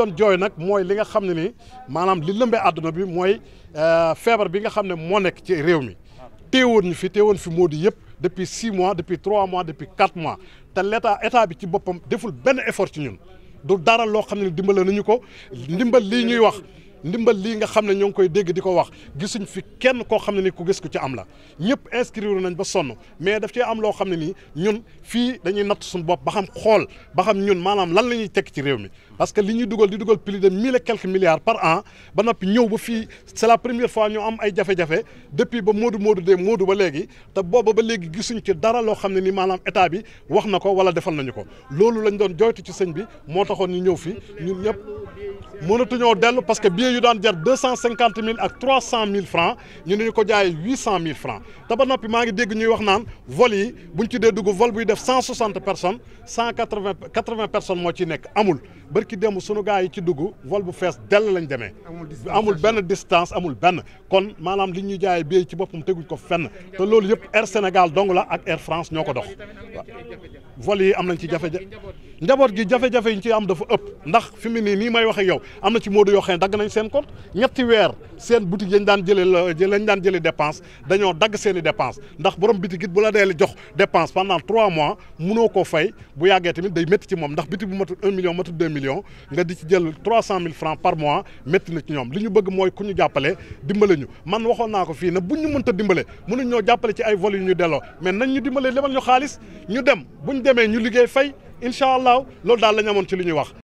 doon jooy nag mooy li nga xam ne ni maanaam li lëmbee àdduna bi mooy euh, feebar bi nga xam ne moo nekk ci réew mi te woon ñu fi woon fi moo di yëpp depuis six mois depuis trois mois depuis quatre mois te l'état état bi ci boppam deful benn effort ci ñun du dara loo xam ne dimbale nañu ko ndimbal lii ñuy wax ndimbal lii nga xam ne ñoo ngi koy dégg di ko wax gisuñ fi kenn koo xam ne ni ku gis ku ci am la ñëpp inscrire nañ ba sonn mais daf cee am loo xam ne nii ñun fii dañuy natt suñu bopp ba xam xool ba xam ñun maanaam lan la ñuy tekk ci réew mi parce que li ñuy dugal di dugal plus de mille e quelques milliards par an ba noppi ñëw ba fii c'est la première fois ñu am ay jafe-jafe depuis ba Modou Modou de Modou ba léegi te booba ba léegi gisuñ ci dara loo xam ne ni maanaam état bi wax na ko wala defal nañu ko loolu lañ doon joytu ci sëñ bi moo taxoon ñu ñëw fii ñun ñëpp mënatuñoo billets yu daan jar deux cent cinquante mille ak trois cent mille francs ñu ne ñu ko jaayee huit cent mille francs te ba noppi maa ngi dégg ñuy wax naan vol yi buñ ci dee dugg vol buy def cent soixante personnes moo ciy nekk amul barki démb sunu gars yi ci dugg vol bu fees dell lañ demee. amul benn distance amul benn kon maanaam li ñuy jaayee billet ci boppam teguñ ko fenn te loolu yëpp Air Sénégal dong la ak Air France ñoo ko dox waaw vol yi am nañ ci jafe-jafe njaboot gi jafe-jafe yi ñu ci am dafa ëpp ndax fi mu nii nii seen compte ñetti weer seen boutique yañ daan jëlee lañ daan jëlee dépense dañoo dagg seen dépense ndax borom bitig it bu la dee jox dépense pendant trois mois munoo koo fay bu yàggee tamit métti ci moom ndax bitig bu matul un million matul deux millions nga di ci jël trois cent mille francs par mois métti na ci ñoom li ñu bëgg mooy ku ñu jàppale dimbale ñu man waxoon naa ko fii na buñ ñu mënta dimbale mënuñ ñoo jàppale ci ay vol yu ñu delloo mais nañ ñu dimbale demal ñu xaalis ñu dem bu ñu demee ñu liggéey fay incha allah loolu daal la ñu amoon ci li ñuy wax